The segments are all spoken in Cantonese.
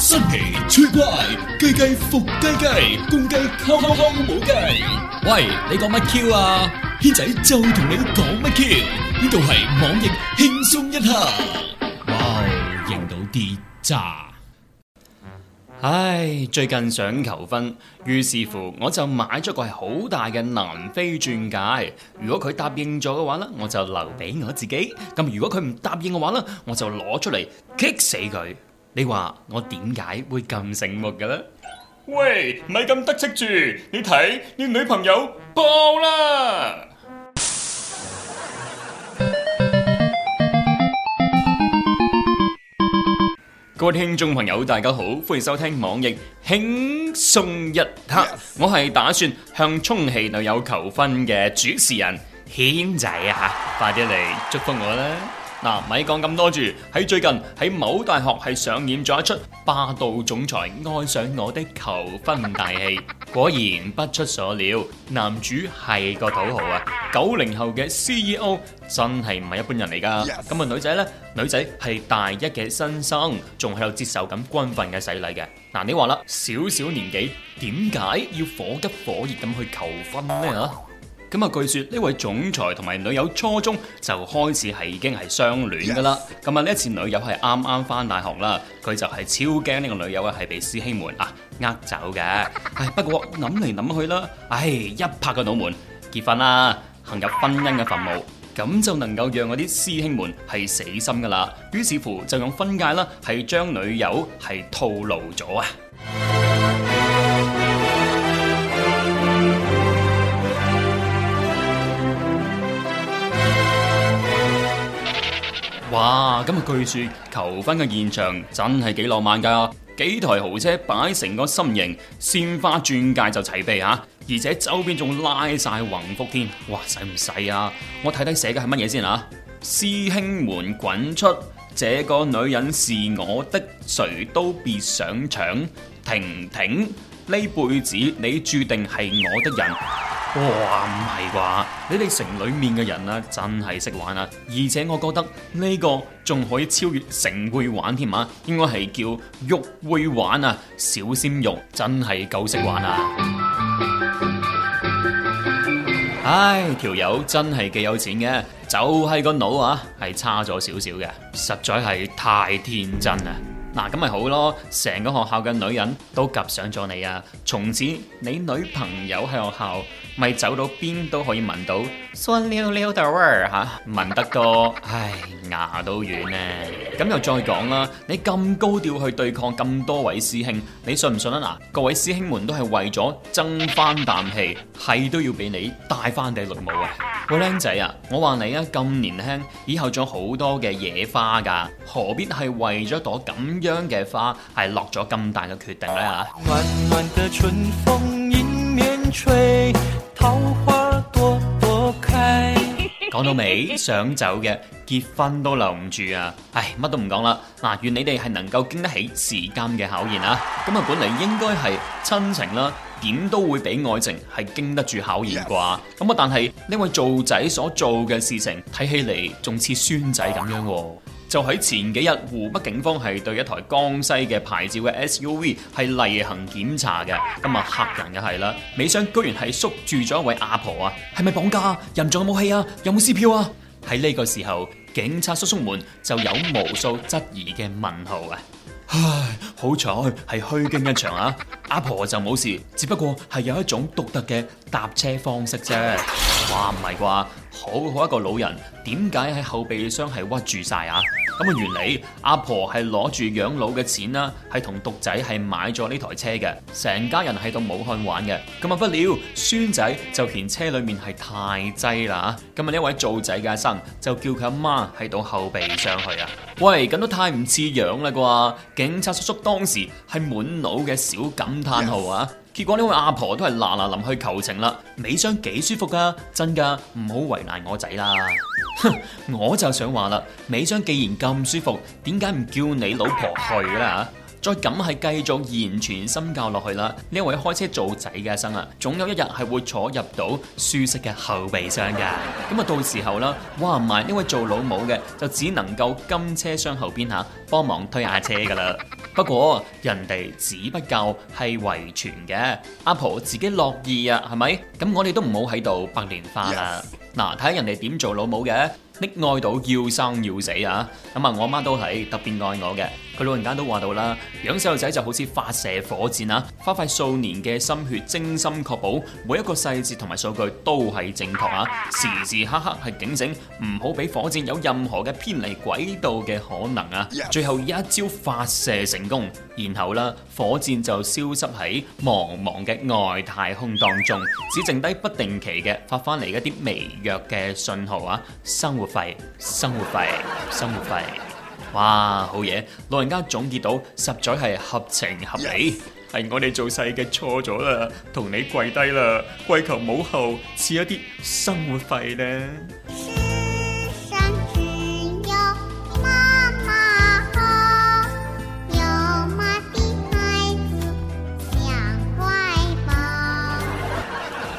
新奇趣怪，雞雞伏雞雞，雞，公雞敲敲敲冇雞。喂，你講乜 Q 啊？軒仔就同你講乜 Q？呢度係網易輕鬆一刻。哇，認到啲渣。唉，最近想求婚，於是乎我就買咗個好大嘅南非鑽戒。如果佢答應咗嘅話呢，我就留俾我自己；咁如果佢唔答應嘅話呢，我就攞出嚟激死佢。你話我點解會咁醒目嘅咧？喂，咪咁得戚住！你睇你女朋友爆啦！各位聽眾朋友，大家好，歡迎收聽網易輕鬆一刻。Yes. 我係打算向充氣女友求婚嘅主持人軒仔啊！快啲嚟祝福我啦！嗱，唔講咁多住。喺最近喺某大學係上演咗一出霸道總裁愛上我的求婚大戲。果然不出所料，男主係個土豪啊，九零後嘅 CEO 真係唔係一般人嚟㗎。咁啊，女仔呢？女仔係大一嘅新生，仲喺度接受緊軍訓嘅洗禮嘅。嗱、啊，你話啦，小小年紀，點解要火急火熱咁去求婚呢？啊？Oh. 咁啊，據說呢位總裁同埋女友初中就開始係已經係相戀噶啦。咁啊，呢一次女友係啱啱翻大學啦，佢就係超驚呢個女友啊係被師兄們啊呃走嘅。唉、哎，不過諗嚟諗去啦，唉、哎、一拍個腦門，結婚啦，行入婚姻嘅墳墓，咁就能夠讓嗰啲師兄們係死心噶啦。於是乎就用婚戒啦，係將女友係套路咗啊！哇！咁啊，據說求婚嘅現場真係幾浪漫噶、啊，幾台豪車擺成個心形，鮮花鑽戒就齊備吓、啊，而且周邊仲拉晒橫幅添。哇！使唔使啊？我睇睇寫嘅係乜嘢先吓、啊？師兄們滾出！這個女人是我的，誰都別想搶！婷婷，呢輩子你注定係我的人。哇，唔係啩？你哋城裏面嘅人啊，真係識玩啊！而且我覺得呢個仲可以超越城會玩添啊，應該係叫肉會玩啊。小鮮肉真係夠識玩啊！ 唉，條友真係幾有錢嘅，就係個腦啊，係差咗少少嘅，實在係太天真啊！嗱，咁咪好咯，成個學校嘅女人都及上咗你啊！從此你女朋友喺學校，咪走到邊都可以聞到，酸溜溜聞得多，唉，牙都軟咧、啊。咁又再講啦，你咁高調去對抗咁多位師兄，你信唔信啊？嗱，各位師兄們都係為咗爭翻啖氣，係都要俾你帶翻你綠帽啊！喂，靚仔啊，我話你啊，咁年輕，以後仲有好多嘅野花噶，何必係為咗朵咁樣嘅花，係落咗咁大嘅決定呢、啊？暖暖的春風。桃花朵朵開，講到尾，想走嘅，結婚都留唔住啊！唉，乜都唔講啦。嗱，願你哋係能夠經得起時間嘅考驗啊！咁啊，本嚟應該係親情啦，點都會比愛情係經得住考驗啩？咁啊 Yes.，但係呢位做仔所做嘅事情，睇起嚟仲似孫仔咁樣啊。就喺前幾日，湖北警方係對一台江西嘅牌照嘅 SUV 係例行檢查嘅，咁啊嚇人嘅係啦，尾箱居然係縮住咗一位阿婆啊，係咪綁架？啊？人仲有冇武器啊？有冇撕票啊？喺呢個時候，警察叔叔們就有無數質疑嘅問號啊！唉，好彩係虛驚一場啊！阿婆就冇事，只不過係有一種獨特嘅搭車方式啫。哇，唔係啩？好好一個老人，點解喺後備箱係屈住晒啊？咁嘅原嚟，阿婆係攞住養老嘅錢啦，係同獨仔係買咗呢台車嘅，成家人喺度武漢玩嘅。咁啊，不料，孫仔就嫌車裏面係太擠啦吓。咁啊，呢位做仔嘅阿生就叫佢阿媽喺度後備上去啊。喂，咁都太唔似樣啦啩？警察叔叔當時係滿腦嘅小感嘆號啊！Yes. 結果呢位阿婆都係嗱嗱臨去求情啦，美商幾舒服噶、啊，真噶，唔好為難我仔啦。哼， 我就想話啦，美商既然咁舒服，點解唔叫你老婆去啦？再咁係繼續言傳身教落去啦，呢位開車做仔嘅生啊，總有一日係會坐入到舒適嘅後備箱噶，咁、嗯、啊到時候啦，話唔埋呢位做老母嘅就只能夠跟車廂後邊吓，幫忙推下車噶啦。 不過人哋子不教係遺傳嘅，阿婆自己樂意啊，係咪？咁我哋都唔好喺度白蓮花啦。Yes. 嗱，睇下人哋點做老母嘅，溺愛到要生要死啊！咁啊，我媽都係特別愛我嘅。佢老人家都話到啦，養細路仔就好似發射火箭啊，花費數年嘅心血，精心確保每一個細節同埋數據都係正確啊，時時刻刻係警醒，唔好俾火箭有任何嘅偏離軌道嘅可能啊！最後一朝發射成功，然後啦，火箭就消失喺茫茫嘅外太空當中，只剩低不定期嘅發翻嚟一啲微。弱嘅信號啊，生活費，生活費，生活費，哇，好嘢！老人家總結到，實在係合情合理，係 Yes! 我哋做細嘅錯咗啦，同你跪低啦，跪求母后賜一啲生活費咧。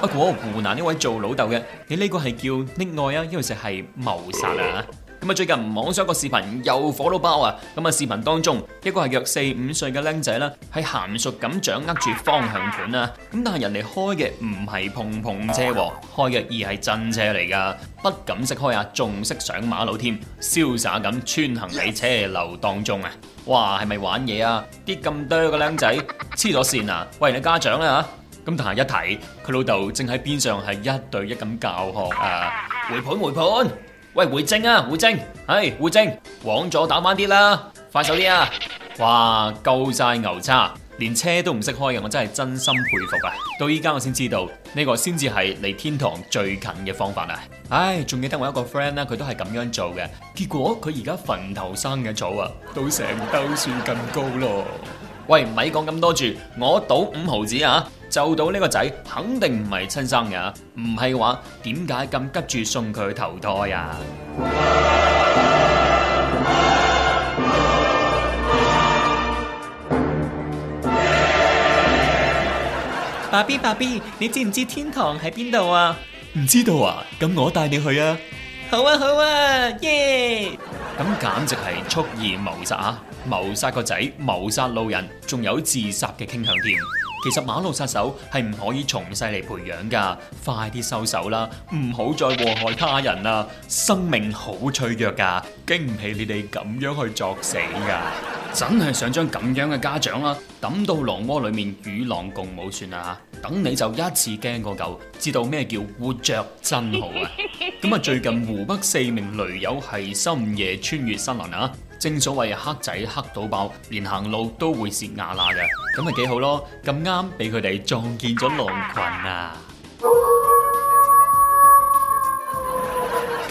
不過，湖南呢位做老豆嘅，你呢個係叫溺愛啊，因為實係謀殺啊！咁啊，最近網上一個視頻又火到爆啊！咁啊，視頻當中一個係約四五歲嘅僆仔啦，係嫻熟咁掌握住方向盤啊！咁但係人哋開嘅唔係碰碰車啊，開嘅而係真車嚟噶，不敢識開啊，仲識上馬路添，瀟灑咁穿行喺車流當中啊！哇，係咪玩嘢啊？啲咁多個僆仔黐咗線啊！喂，你家長咧吓？咁但行一睇，佢老豆正喺邊上係一對一咁教學，誒、呃，回盤回盤，喂，回正啊回正，係回正，往左打返啲啦，快手啲啊，哇，夠晒牛叉，連車都唔識開嘅，我真係真心佩服啊！到依家，我先知道，呢、這個先至係離天堂最近嘅方法啊！唉，仲記得我一個 friend 咧、啊，佢都係咁樣做嘅，結果佢而家墳頭生嘅草啊，都成兜樹咁高咯！喂，唔咪講咁多住，我賭五毫子啊！就到呢個仔肯定唔係親生㗎，唔係嘅話點解咁急住送佢去投胎啊？爸爸爸，爸，爸，爸，爸，你知唔知天堂喺邊度啊？唔知道啊？咁我帶你去啊！好啊，好啊，耶！咁簡直係蓄意謀殺啊！謀殺個仔，謀殺路人，仲有自殺嘅傾向添。其實馬路殺手係唔可以從細嚟培養噶，快啲收手啦，唔好再禍害他人啦，生命好脆弱噶，驚唔起你哋咁樣去作死噶， 真係想將咁樣嘅家長啊，抌到狼窩裏面與狼共舞算啦，等你就一次驚過狗，知道咩叫活着真好啊！咁啊，最近湖北四名驢友係深夜穿越森林啊。正所謂黑仔黑到爆，連行路都會蝕牙罅嘅，咁咪幾好咯？咁啱俾佢哋撞見咗狼群啊！啊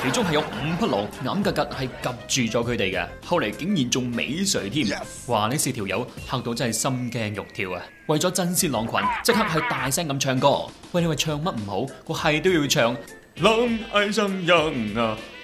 其中係有五匹狼，眼格格係夾住咗佢哋嘅。後嚟竟然仲尾隨添，Yes. 哇！呢四條友嚇到真係心驚肉跳啊！為咗震懾狼群，即刻係大聲咁唱歌。喂，你話唱乜唔好？個係都要唱。狼愛上人啊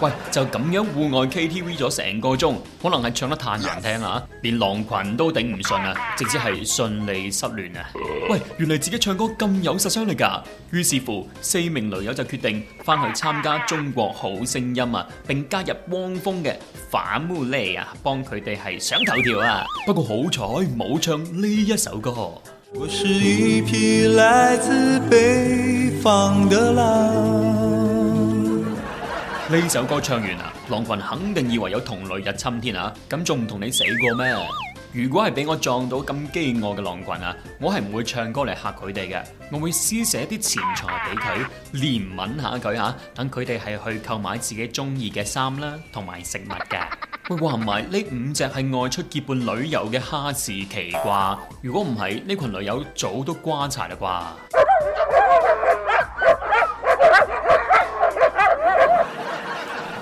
喂，就咁樣戶外 KTV 咗成個鐘，可能係唱得太難聽啦，連狼群都頂唔順啊，直接係順利失聯啊！喂，原嚟自己唱歌咁有殺傷力噶，於是乎四名女友就決定翻去參加《中國好聲音》啊，並加入汪峰嘅《反烏托利亞》，幫佢哋係上頭條啊！不過好彩冇唱呢一首歌。我是一匹來自北方的狼。呢首歌唱完啦，狼群肯定以為有同類入侵添啊！咁仲唔同你死過咩？如果係俾我撞到咁飢餓嘅狼群啊，我係唔會唱歌嚟嚇佢哋嘅，我會施捨啲錢財俾佢，憐憫下佢吓，啊，等佢哋係去購買自己中意嘅衫啦，同埋食物嘅。喂，話唔埋呢五隻係外出結伴旅遊嘅哈士奇啩？如果唔係呢群女友早都瓜柴啦啩？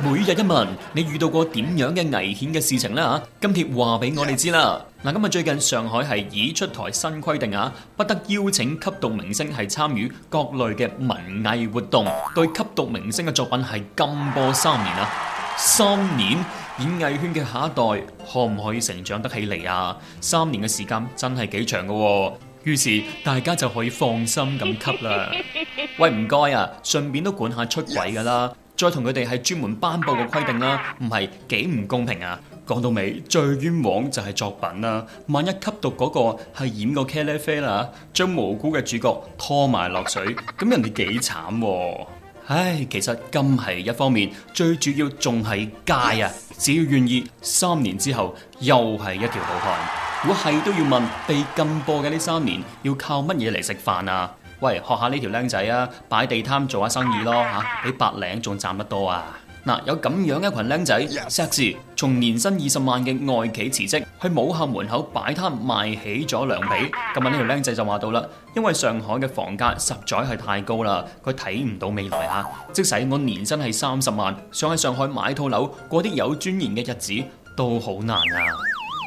每日一問，你遇到過點樣嘅危險嘅事情呢？吓，今貼話俾我哋知啦。嗱，今日最近上海係已出台新規定吓，不得邀請吸毒明星係參與各類嘅文藝活動，對吸毒明星嘅作品係禁播三年啊！三年，演藝圈嘅下一代可唔可以成長得起嚟啊？三年嘅時間真係幾長噶，於是大家就可以放心咁吸啦。喂，唔該啊，順便都管下出軌噶啦。再同佢哋，係專門頒布嘅規定啦、啊，唔係幾唔公平啊！講到尾，最冤枉就係作品啦、啊。萬一吸毒嗰個係染個茄喱啡啦，將無辜嘅主角拖埋落水，咁人哋幾慘？唉，其實禁係一方面，最主要仲係戒啊！只要願意，三年之後又係一條好漢。如果係都要問，被禁播嘅呢三年，要靠乜嘢嚟食飯啊？喂，學下呢條僆仔啊，擺地攤做下生意咯嚇、啊，比白領仲賺得多啊！嗱、啊，有咁樣一群僆仔，碩士 Yes. 從年薪二十萬嘅外企辭職，去母校門口擺攤賣起咗涼皮。今日呢條僆仔就話到啦，因為上海嘅房價實在係太高啦，佢睇唔到未來嚇、啊。即使我年薪係三十萬，想喺上海買套樓過啲有尊嚴嘅日子，都好難啊！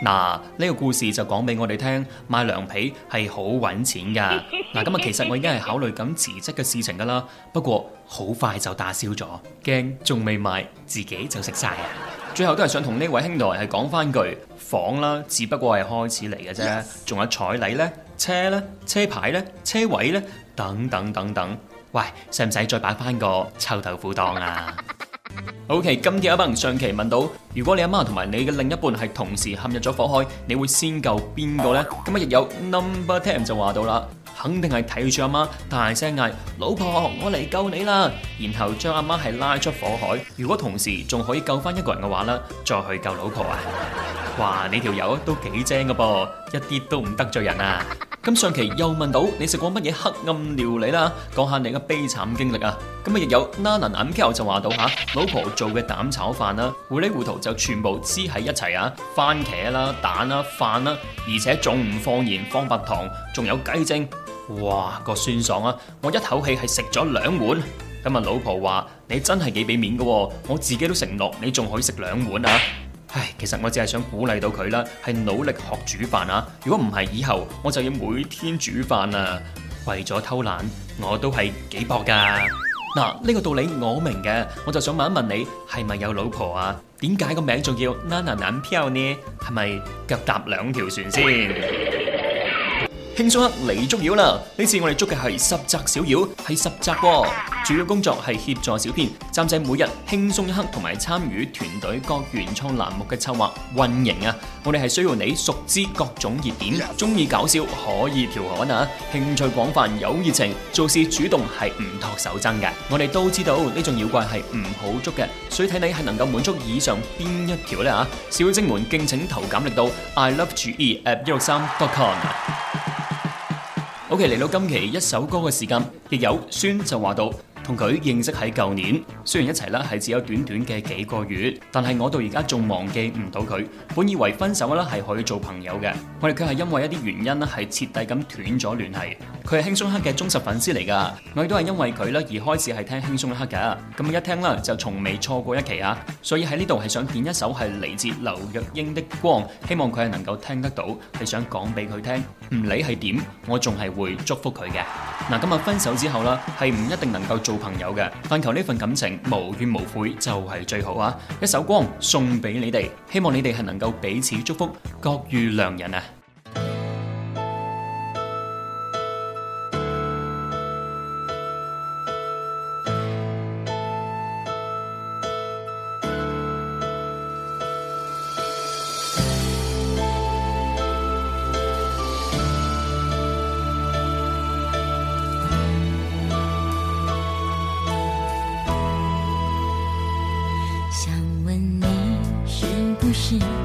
嗱，呢個故事就講俾我哋聽，賣涼皮係好搵錢噶。嗱，咁日其實我已經係考慮緊辭職嘅事情噶啦，不過好快就打消咗，驚仲未賣自己就食晒啊！最後都係想同呢位兄台係講翻句，房啦，只不過係開始嚟嘅啫，仲有彩禮呢，車呢，車牌呢，車位呢，等等等等。喂，使唔使再擺翻個臭豆腐檔啊？OK，今期阿鵬上期問到，如果你阿媽同埋你嘅另一半係同時陷入咗火海，你會先救邊個呢？今日亦有 Number Ten 就話到啦，肯定係睇住阿媽，大聲嗌，老婆，我嚟救你啦，然後將阿媽係拉出火海。如果同時仲可以救翻一個人嘅話呢，再去救老婆啊！哇，你條友都幾精嘅噃，一啲都唔得罪人啊！咁上期又問到你食過乜嘢黑暗料理啦？講下你嘅悲慘經歷啊！咁啊，又有 Nana 暗橋就話到吓，老婆做嘅蛋炒飯啦，糊裏糊塗就全部黐喺一齊啊，番茄啦、蛋啦、飯啦，而且仲唔放鹽放白糖，仲有雞精，哇個酸爽啊！我一口氣係食咗兩碗。咁啊，老婆話你真係幾俾面㗎，我自己都承諾你仲可以食兩碗啊！唉，其實我只係想鼓勵到佢啦，係努力學煮飯啊！如果唔係，以後我就要每天煮飯啦、啊。為咗偷懶，我都係幾搏噶。嗱，呢、這個道理我明嘅，我就想問一問你，係咪有老婆啊？點解個名仲叫 Nana 男票呢？係咪腳踏兩條船先？輕鬆一刻嚟捉妖啦！呢次我哋捉嘅係十集小妖，係十集喎、哦。主要工作係協助小編，暫時每日輕鬆一刻同埋參與團隊各原創欄目嘅策劃運營啊！我哋係需要你熟知各種熱點，中意 Yes, sir. 搞笑，可以調侃啊，興趣廣泛，有熱情，做事主動係唔托手踭嘅。我哋都知道呢種妖怪係唔好捉嘅，所以睇你係能夠滿足以上邊一條呢？啊！小精們敬請投簡歷到 I Love 周易 at 一六三 dot com。 OK，嚟到今期一首歌嘅時間，亦有孫就話到。同佢認識喺舊年，雖然一齊啦係只有短短嘅幾個月，但係我到而家仲忘記唔到佢。本以為分手啦係可以做朋友嘅，我哋卻係因為一啲原因啦係徹底咁斷咗聯繫。佢係輕鬆黑嘅忠實粉絲嚟㗎，我哋都係因為佢啦而開始係聽輕鬆黑㗎。咁一聽啦就從未錯過一期啊，所以喺呢度係想點一首係嚟自劉若英的光，希望佢係能夠聽得到，係想講俾佢聽。唔理係點，我仲係會祝福佢嘅。嗱，今日分手之後啦，係唔一定能夠做朋友嘅，但求呢份感情無怨無悔就係、是、最好啊！一首歌送俾你哋，希望你哋係能夠彼此祝福，各遇良人啊！是。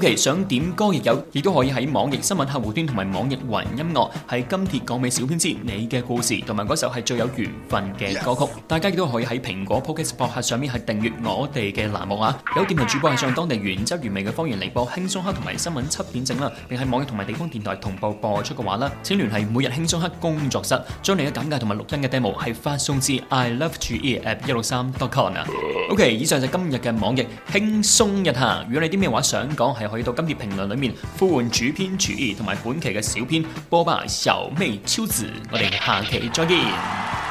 其想、okay, 點歌亦有，亦都可以喺網易新聞客戶端同埋網易雲音樂喺金鐵港尾小編之你嘅故事同埋嗰首係最有緣分嘅歌曲，Yes. 大家亦都可以喺蘋果 podcast 播客上面係訂閱我哋嘅欄目啊。有電台主播係上當地原汁原味嘅方言嚟播輕鬆黑同埋新聞七點整啦，並喺網易同埋地方電台同步播出嘅話咧，請聯繫每日輕鬆黑工作室將你嘅簡介同埋錄音嘅 demo 係發送至 I Love t G E at 一六三 dot com 啊。Uh. O、okay, K，以上就今日嘅網易輕鬆日下。如果你啲咩話想講係，可以到今次評論裏面呼喚主編主義同埋本期嘅小編波霸小味超子，我哋下期再見。